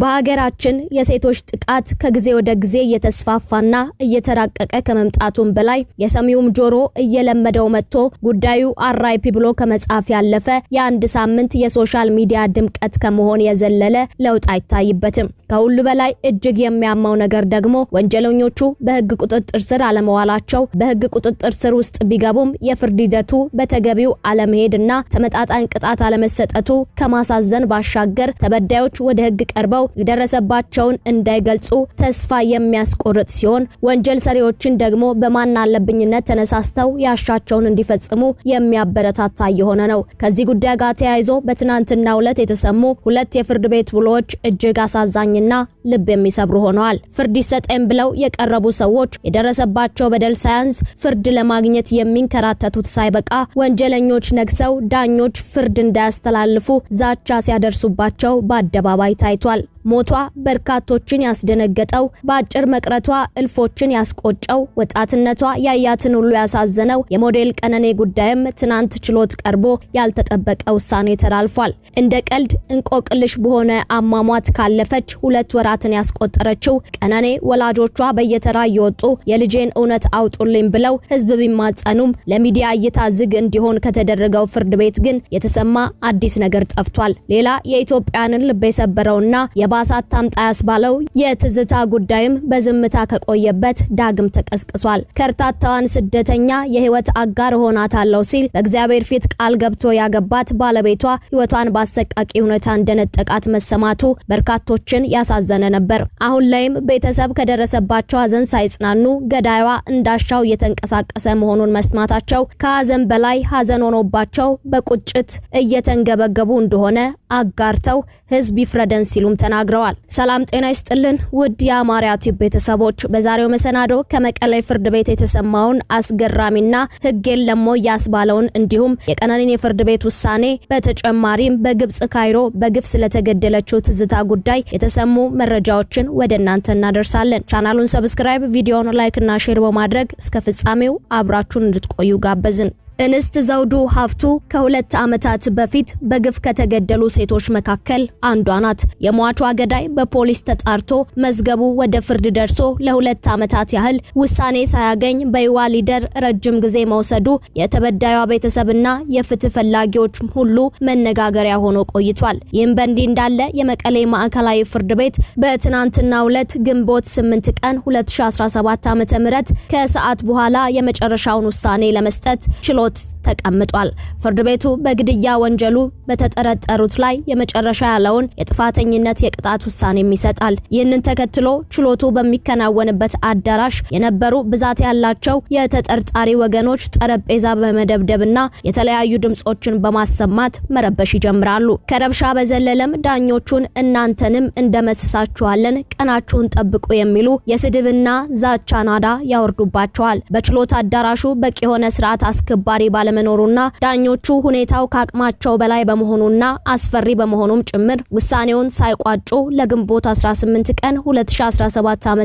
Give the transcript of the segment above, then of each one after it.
በሀገራችን የሴቶች ጥቃት ከጊዜ ወደ ጊዜ እየተስፋፋና እየተራቀቀ ከመምጣቱም በላይ የሰሚውም ጆሮ እየለመደው መጥቶ ጉዳዩ አራይፒ ብሎ ከመጻፍ ያለፈ የአንድ ሳምንት የሶሻል ሚዲያ ድምቀት ከመሆን የዘለለ ለውጥ አይታይበትም። ከሁሉ በላይ እጅግ የሚያማው ነገር ደግሞ ወንጀለኞቹ በህግ ቁጥጥር ስር አለመዋላቸው፣ በህግ ቁጥጥር ስር ውስጥ ቢገቡም የፍርድ ሂደቱ በተገቢው አለመሄድና ተመጣጣኝ ቅጣት አለመሰጠቱ ከማሳዘን ባሻገር ተበዳዮች ወደ ህግ ቀርበው ተሰብስበው የደረሰባቸውን እንዳይገልጹ ተስፋ የሚያስቆርጥ ሲሆን ወንጀል ሰሪዎችን ደግሞ በማናለብኝነት ተነሳስተው ያሻቸውን እንዲፈጽሙ የሚያበረታታ የሆነ ነው። ከዚህ ጉዳይ ጋር ተያይዞ በትናንትና ዕለት የተሰሙ ሁለት የፍርድ ቤት ውሎዎች እጅግ አሳዛኝና ልብ የሚሰብሩ ሆነዋል። ፍርድ ይሰጠኝ ብለው የቀረቡ ሰዎች የደረሰባቸው በደል ሳያንስ ፍርድ ለማግኘት የሚንከራተቱት ሳይበቃ ወንጀለኞች ነግሰው ዳኞች ፍርድ እንዳያስተላልፉ ዛቻ ሲያደርሱባቸው በአደባባይ ታይቷል። ሞቷ በርካቶችን ያስደነገጠው፣ በአጭር መቅረቷ እልፎችን ያስቆጨው፣ ወጣትነቷ ያያትን ሁሉ ያሳዘነው የሞዴል ቀነኔ ጉዳይም ትናንት ችሎት ቀርቦ ያልተጠበቀ ውሳኔ ተላልፏል። እንደ ቀልድ እንቆቅልሽ በሆነ አሟሟት ካለፈች ሁለት ወራትን ያስቆጠረችው ቀነኔ ወላጆቿ በየተራ እየወጡ የልጄን እውነት አውጡልኝ ብለው ሕዝብ ቢማጸኑም ለሚዲያ እይታ ዝግ እንዲሆን ከተደረገው ፍርድ ቤት ግን የተሰማ አዲስ ነገር ጠፍቷል። ሌላ የኢትዮጵያንን ልብ የሰበረውና እልባት አታምጣ ያስባለው የትዝታ ጉዳይም በዝምታ ከቆየበት ዳግም ተቀስቅሷል። ከርታታዋን ስደተኛ የህይወት አጋር ሆናታለው ሲል በእግዚአብሔር ፊት ቃል ገብቶ ያገባት ባለቤቷ ህይወቷን በአሰቃቂ ሁኔታ እንደነጠቃት መሰማቱ በርካቶችን ያሳዘነ ነበር። አሁን ላይም ቤተሰብ ከደረሰባቸው ሀዘን ሳይጽናኑ ገዳይዋ እንዳሻው እየተንቀሳቀሰ መሆኑን መስማታቸው ከሀዘን በላይ ሀዘን ሆኖባቸው በቁጭት እየተንገበገቡ እንደሆነ አጋርተው ህዝብ ይፍረደን ሲሉም ተናግረዋል። ተናግረዋል። ሰላም ጤና ይስጥልን ውድ የአማርያ ቲዩብ ቤተሰቦች፣ በዛሬው መሰናዶ ከመቀሌ ፍርድ ቤት የተሰማውን አስገራሚና ሕግ የለም ያስባለውን እንዲሁም የቀነኒን የፍርድ ቤት ውሳኔ በተጨማሪም በግብጽ ካይሮ በግፍ ስለተገደለችው ትዝታ ጉዳይ የተሰሙ መረጃዎችን ወደ እናንተ እናደርሳለን። ቻናሉን ሰብስክራይብ፣ ቪዲዮውን ላይክ እና ሼር በማድረግ እስከ ፍጻሜው አብራችሁን እንድትቆዩ ጋበዝን። እንስት ዘውዱ ሀፍቱ ከሁለት ዓመታት በፊት በግፍ ከተገደሉ ሴቶች መካከል አንዷ ናት። የሟቿ ገዳይ በፖሊስ ተጣርቶ መዝገቡ ወደ ፍርድ ደርሶ ለሁለት ዓመታት ያህል ውሳኔ ሳያገኝ በይዋ ሊደር ረጅም ጊዜ መውሰዱ የተበዳዩ ቤተሰብና የፍትህ ፈላጊዎች ሁሉ መነጋገሪያ ሆኖ ቆይቷል። ይህም በእንዲህ እንዳለ የመቀሌ ማዕከላዊ ፍርድ ቤት በትናንትናው ዕለት ግንቦት 8 ቀን 2017 ዓ.ም ከሰዓት በኋላ የመጨረሻውን ውሳኔ ለመስጠት ችሎ ችሎት ተቀምጧል። ፍርድ ቤቱ በግድያ ወንጀሉ በተጠረጠሩት ላይ የመጨረሻ ያለውን የጥፋተኝነት የቅጣት ውሳኔም ይሰጣል። ይህንን ተከትሎ ችሎቱ በሚከናወንበት አዳራሽ የነበሩ ብዛት ያላቸው የተጠርጣሪ ወገኖች ጠረጴዛ በመደብደብና የተለያዩ ድምጾችን በማሰማት መረበሽ ይጀምራሉ። ከረብሻ በዘለለም ዳኞቹን እናንተንም እንደመስሳችኋለን፣ ቀናችሁን ጠብቁ የሚሉ የስድብና ዛቻ ናዳ ያወርዱባቸዋል። በችሎት አዳራሹ በቂ የሆነ ስርዓት አስከባሪ ተጨማሪ ባለመኖሩና ዳኞቹ ሁኔታው ከአቅማቸው በላይ በመሆኑና አስፈሪ በመሆኑም ጭምር ውሳኔውን ሳይቋጩ ለግንቦት 18 ቀን 2017 ዓ.ም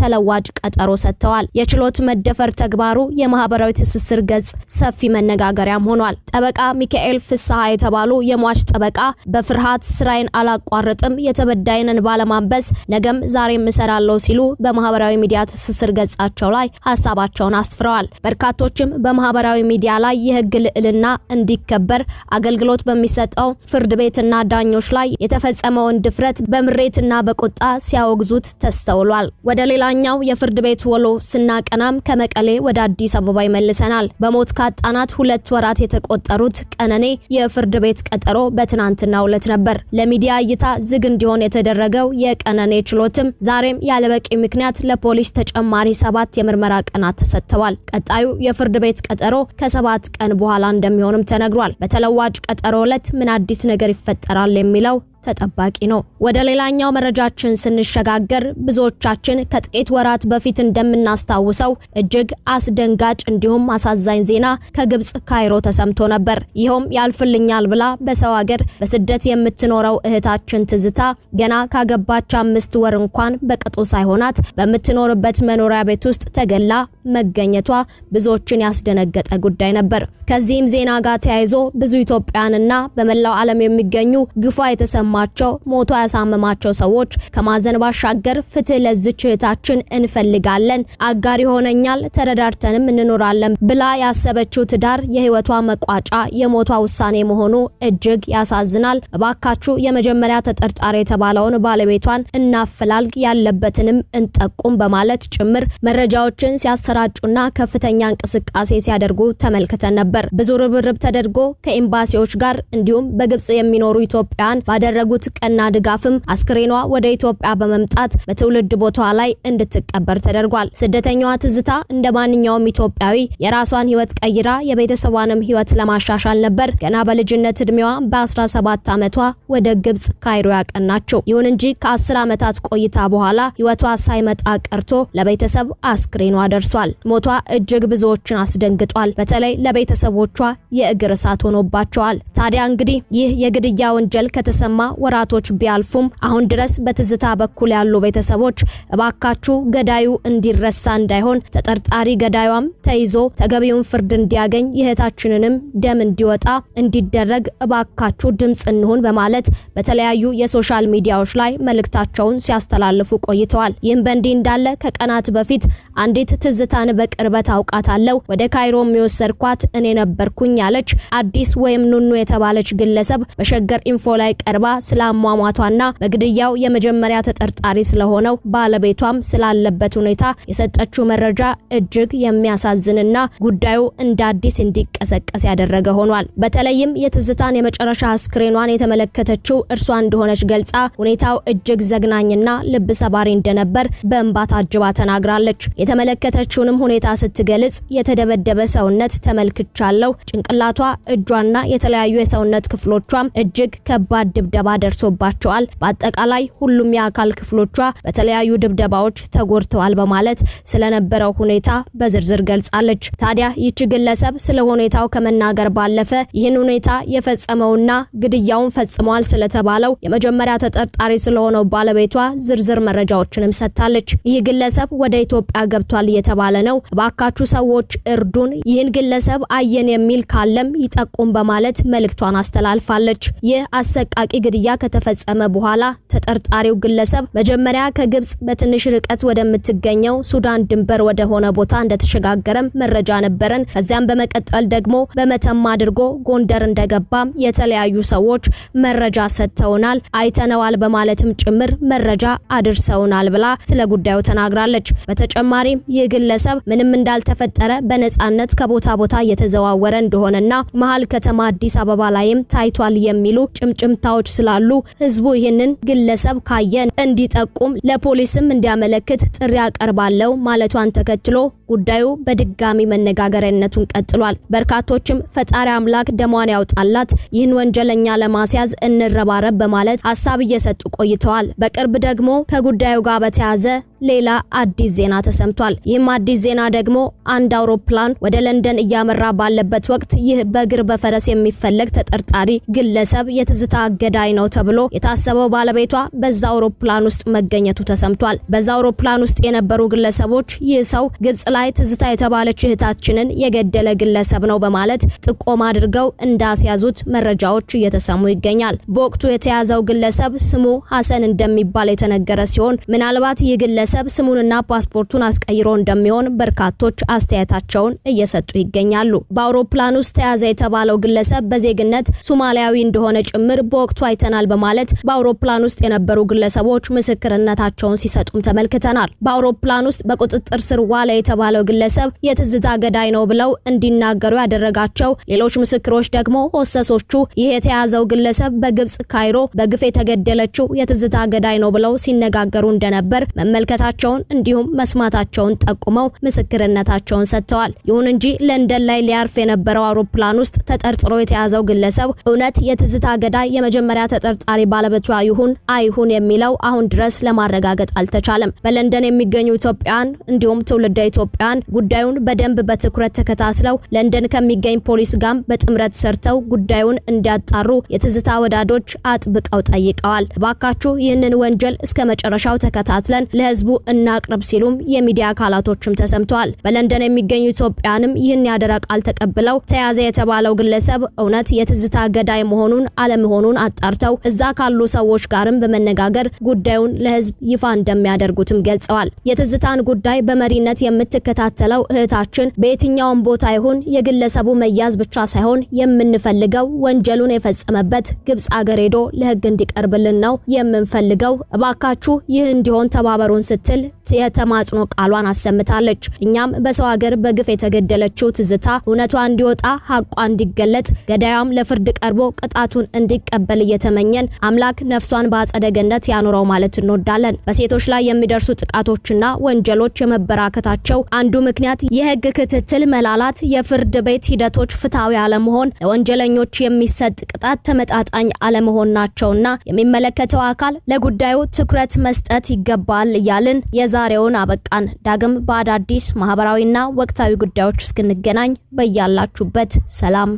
ተለዋጭ ቀጠሮ ሰጥተዋል። የችሎት መደፈር ተግባሩ የማህበራዊ ትስስር ገጽ ሰፊ መነጋገሪያም ሆኗል። ጠበቃ ሚካኤል ፍስሐ የተባሉ የሟች ጠበቃ በፍርሃት ስራዬን አላቋርጥም፣ የተበዳይንን ባለማንበስ ነገም ዛሬም እሰራለሁ ሲሉ በማህበራዊ ሚዲያ ትስስር ገጻቸው ላይ ሀሳባቸውን አስፍረዋል። በርካቶችም በማህበራዊ ሚዲያ በዚያ ላይ የህግ ልዕልና እንዲከበር አገልግሎት በሚሰጠው ፍርድ ቤትና ዳኞች ላይ የተፈጸመውን ድፍረት በምሬትና በቁጣ ሲያወግዙት ተስተውሏል። ወደ ሌላኛው የፍርድ ቤት ወሎ ስናቀናም ከመቀሌ ወደ አዲስ አበባ ይመልሰናል። በሞት ካጣናት ሁለት ወራት የተቆጠሩት ቀነኔ የፍርድ ቤት ቀጠሮ በትናንትናው ዕለት ነበር። ለሚዲያ እይታ ዝግ እንዲሆን የተደረገው የቀነኔ ችሎትም ዛሬም ያለበቂ ምክንያት ለፖሊስ ተጨማሪ ሰባት የምርመራ ቀናት ተሰጥተዋል። ቀጣዩ የፍርድ ቤት ቀጠሮ ከ ከሰባት ቀን በኋላ እንደሚሆንም ተነግሯል። በተለዋጭ ቀጠሮ ዕለት ምን አዲስ ነገር ይፈጠራል የሚለው ተጠባቂ ነው። ወደ ሌላኛው መረጃችን ስንሸጋገር ብዙዎቻችን ከጥቂት ወራት በፊት እንደምናስታውሰው እጅግ አስደንጋጭ እንዲሁም አሳዛኝ ዜና ከግብጽ ካይሮ ተሰምቶ ነበር። ይኸውም ያልፍልኛል ብላ በሰው ሀገር በስደት የምትኖረው እህታችን ትዝታ ገና ካገባች አምስት ወር እንኳን በቅጡ ሳይሆናት በምትኖርበት መኖሪያ ቤት ውስጥ ተገላ መገኘቷ ብዙዎችን ያስደነገጠ ጉዳይ ነበር። ከዚህም ዜና ጋር ተያይዞ ብዙ ኢትዮጵያንና በመላው ዓለም የሚገኙ ግፋ የተሰማ ያማቸው ሞቷ ያሳመማቸው ሰዎች ከማዘን ባሻገር ፍትህ ለዝች እህታችን እንፈልጋለን፣ አጋር ይሆነኛል፣ ተረዳድተንም እንኖራለን ብላ ያሰበችው ትዳር የህይወቷ መቋጫ የሞቷ ውሳኔ መሆኑ እጅግ ያሳዝናል። እባካችሁ የመጀመሪያ ተጠርጣሪ የተባለውን ባለቤቷን እናፈላልግ፣ ያለበትንም እንጠቁም በማለት ጭምር መረጃዎችን ሲያሰራጩና ከፍተኛ እንቅስቃሴ ሲያደርጉ ተመልክተን ነበር። ብዙ ርብርብ ተደርጎ ከኤምባሲዎች ጋር እንዲሁም በግብጽ የሚኖሩ ኢትዮጵያን ባደረ ባደረጉት ቀና ድጋፍም አስክሬኗ ወደ ኢትዮጵያ በመምጣት በትውልድ ቦታዋ ላይ እንድትቀበር ተደርጓል። ስደተኛዋ ትዝታ እንደ ማንኛውም ኢትዮጵያዊ የራሷን ሕይወት ቀይራ የቤተሰቧንም ሕይወት ለማሻሻል ነበር ገና በልጅነት እድሜዋ በ17 ዓመቷ ወደ ግብጽ ካይሮ ያቀናቸው። ይሁን እንጂ ከ10 ዓመታት ቆይታ በኋላ ሕይወቷ ሳይመጣ ቀርቶ ለቤተሰብ አስክሬኗ ደርሷል። ሞቷ እጅግ ብዙዎችን አስደንግጧል። በተለይ ለቤተሰቦቿ የእግር እሳት ሆኖባቸዋል። ታዲያ እንግዲህ ይህ የግድያ ወንጀል ከተሰማ ወራቶች ቢያልፉም አሁን ድረስ በትዝታ በኩል ያሉ ቤተሰቦች እባካችሁ ገዳዩ እንዲረሳ እንዳይሆን፣ ተጠርጣሪ ገዳዩም ተይዞ ተገቢውን ፍርድ እንዲያገኝ የእህታችንንም ደም እንዲወጣ እንዲደረግ እባካችሁ ድምጽ እንሁን በማለት በተለያዩ የሶሻል ሚዲያዎች ላይ መልእክታቸውን ሲያስተላልፉ ቆይተዋል። ይህም በእንዲህ እንዳለ ከቀናት በፊት አንዲት ትዝታን በቅርበት አውቃታለሁ ወደ ካይሮ የሚወሰድኳት እኔ ነበርኩኝ ያለች አዲስ ወይም ኑኑ የተባለች ግለሰብ በሸገር ኢንፎ ላይ ቀርባ ስለ አሟሟቷና በግድያው የመጀመሪያ ተጠርጣሪ ስለሆነው ባለቤቷም ስላለበት ሁኔታ የሰጠችው መረጃ እጅግ የሚያሳዝንና ጉዳዩ እንደ አዲስ እንዲቀሰቀስ ያደረገ ሆኗል። በተለይም የትዝታን የመጨረሻ አስክሬኗን የተመለከተችው እርሷ እንደሆነች ገልጻ ሁኔታው እጅግ ዘግናኝና ልብ ሰባሪ እንደነበር በእንባ ታጅባ ተናግራለች። የተመለከተችውንም ሁኔታ ስትገልጽ የተደበደበ ሰውነት ተመልክቻለሁ፣ ጭንቅላቷ፣ እጇና የተለያዩ የሰውነት ክፍሎቿም እጅግ ከባድ ድብደባ ድብደባ ደርሶባቸዋል። በአጠቃላይ ሁሉም የአካል ክፍሎቿ በተለያዩ ድብደባዎች ተጎድተዋል በማለት ስለነበረው ሁኔታ በዝርዝር ገልጻለች። ታዲያ ይቺ ግለሰብ ስለ ሁኔታው ከመናገር ባለፈ ይህን ሁኔታ የፈጸመውና ግድያውን ፈጽሟል ስለተባለው የመጀመሪያ ተጠርጣሪ ስለሆነው ባለቤቷ ዝርዝር መረጃዎችንም ሰጥታለች። ይህ ግለሰብ ወደ ኢትዮጵያ ገብቷል እየተባለ ነው፣ እባካችሁ ሰዎች እርዱን፣ ይህን ግለሰብ አየን የሚል ካለም ይጠቁም በማለት መልእክቷን አስተላልፋለች። ይህ አሰቃቂ ግድያ ግድያ ከተፈጸመ በኋላ ተጠርጣሪው ግለሰብ መጀመሪያ ከግብጽ በትንሽ ርቀት ወደምትገኘው ሱዳን ድንበር ወደ ሆነ ቦታ እንደተሸጋገረም መረጃ ነበረን። ከዚያም በመቀጠል ደግሞ በመተማ አድርጎ ጎንደር እንደገባም የተለያዩ ሰዎች መረጃ ሰጥተውናል፣ አይተነዋል በማለትም ጭምር መረጃ አድርሰውናል ብላ ስለ ጉዳዩ ተናግራለች። በተጨማሪም ይህ ግለሰብ ምንም እንዳልተፈጠረ በነጻነት ከቦታ ቦታ እየተዘዋወረ እንደሆነና መሀል ከተማ አዲስ አበባ ላይም ታይቷል የሚሉ ጭምጭምታዎች ይችላሉ። ህዝቡ ይህንን ግለሰብ ካየን እንዲጠቁም ለፖሊስም እንዲያመለክት ጥሪ አቀርባለሁ ማለቷን ተከትሎ ጉዳዩ በድጋሚ መነጋገሪያነቱን ቀጥሏል። በርካቶችም ፈጣሪ አምላክ ደሟን ያውጣላት፣ ይህን ወንጀለኛ ለማስያዝ እንረባረብ በማለት ሀሳብ እየሰጡ ቆይተዋል። በቅርብ ደግሞ ከጉዳዩ ጋር በተያያዘ ሌላ አዲስ ዜና ተሰምቷል። ይህም አዲስ ዜና ደግሞ አንድ አውሮፕላን ወደ ለንደን እያመራ ባለበት ወቅት ይህ በእግር በፈረስ የሚፈለግ ተጠርጣሪ ግለሰብ የትዝታ ገዳይ ነው ተብሎ የታሰበው ባለቤቷ በዛ አውሮፕላን ውስጥ መገኘቱ ተሰምቷል። በዛ አውሮፕላን ውስጥ የነበሩ ግለሰቦች ይህ ሰው ግብጽ ላይ ትዝታ የተባለች እህታችንን የገደለ ግለሰብ ነው በማለት ጥቆማ አድርገው እንዳስያዙት መረጃዎች እየተሰሙ ይገኛል። በወቅቱ የተያዘው ግለሰብ ስሙ ሀሰን እንደሚባል የተነገረ ሲሆን ምናልባት ይህ ግለሰብ ግለሰብ ስሙንና ፓስፖርቱን አስቀይሮ እንደሚሆን በርካቶች አስተያየታቸውን እየሰጡ ይገኛሉ። በአውሮፕላን ውስጥ ተያዘ የተባለው ግለሰብ በዜግነት ሶማሊያዊ እንደሆነ ጭምር በወቅቱ አይተናል በማለት በአውሮፕላን ውስጥ የነበሩ ግለሰቦች ምስክርነታቸውን ሲሰጡም ተመልክተናል። በአውሮፕላን ውስጥ በቁጥጥር ስር ዋለ የተባለው ግለሰብ የትዝታ ገዳይ ነው ብለው እንዲናገሩ ያደረጋቸው ሌሎች ምስክሮች ደግሞ ሆሰሶቹ ይህ የተያዘው ግለሰብ በግብጽ ካይሮ በግፍ የተገደለችው የትዝታ ገዳይ ነው ብለው ሲነጋገሩ እንደነበር መመልከት ማየታቸውን እንዲሁም መስማታቸውን ጠቁመው ምስክርነታቸውን ሰጥተዋል። ይሁን እንጂ ለንደን ላይ ሊያርፍ የነበረው አውሮፕላን ውስጥ ተጠርጥሮ የተያዘው ግለሰብ እውነት የትዝታ ገዳይ የመጀመሪያ ተጠርጣሪ ባለቤቷ ይሁን አይሁን የሚለው አሁን ድረስ ለማረጋገጥ አልተቻለም። በለንደን የሚገኙ ኢትዮጵያን እንዲሁም ትውልደ ኢትዮጵያን ጉዳዩን በደንብ በትኩረት ተከታትለው ለንደን ከሚገኝ ፖሊስ ጋር በጥምረት ሰርተው ጉዳዩን እንዲያጣሩ የትዝታ ወዳዶች አጥብቀው ጠይቀዋል። ባካችሁ ይህንን ወንጀል እስከ መጨረሻው ተከታትለን ለህዝቡ ለህዝቡ እናቅርብ ሲሉም የሚዲያ አካላቶችም ተሰምተዋል። በለንደን የሚገኙ ኢትዮጵያንም ይህን ያደራ ቃል ተቀብለው ተያዘ የተባለው ግለሰብ እውነት የትዝታ ገዳይ መሆኑን አለመሆኑን አጣርተው እዛ ካሉ ሰዎች ጋርም በመነጋገር ጉዳዩን ለህዝብ ይፋ እንደሚያደርጉትም ገልጸዋል። የትዝታን ጉዳይ በመሪነት የምትከታተለው እህታችን በየትኛውም ቦታ ይሁን የግለሰቡ መያዝ ብቻ ሳይሆን የምንፈልገው ወንጀሉን የፈጸመበት ግብጽ አገር ሄዶ ለህግ እንዲቀርብልን ነው የምንፈልገው። እባካችሁ ይህ እንዲሆን ተባበሩን ስ وتل የተማጽኖ ቃሏን አሰምታለች። እኛም በሰው ሀገር በግፍ የተገደለችው ትዝታ እውነቷ እንዲወጣ ሀቋ እንዲገለጥ ገዳያም ለፍርድ ቀርቦ ቅጣቱን እንዲቀበል እየተመኘን አምላክ ነፍሷን በአጸደ ገነት ያኑረው ማለት እንወዳለን። በሴቶች ላይ የሚደርሱ ጥቃቶችና ወንጀሎች የመበራከታቸው አንዱ ምክንያት የህግ ክትትል መላላት፣ የፍርድ ቤት ሂደቶች ፍትሐዊ አለመሆን፣ ለወንጀለኞች የሚሰጥ ቅጣት ተመጣጣኝ አለመሆን ናቸውና የሚመለከተው አካል ለጉዳዩ ትኩረት መስጠት ይገባል እያልን የዛ የዛሬውን አበቃን። ዳግም በአዳዲስ ማህበራዊና ወቅታዊ ጉዳዮች እስክንገናኝ በያላችሁበት ሰላም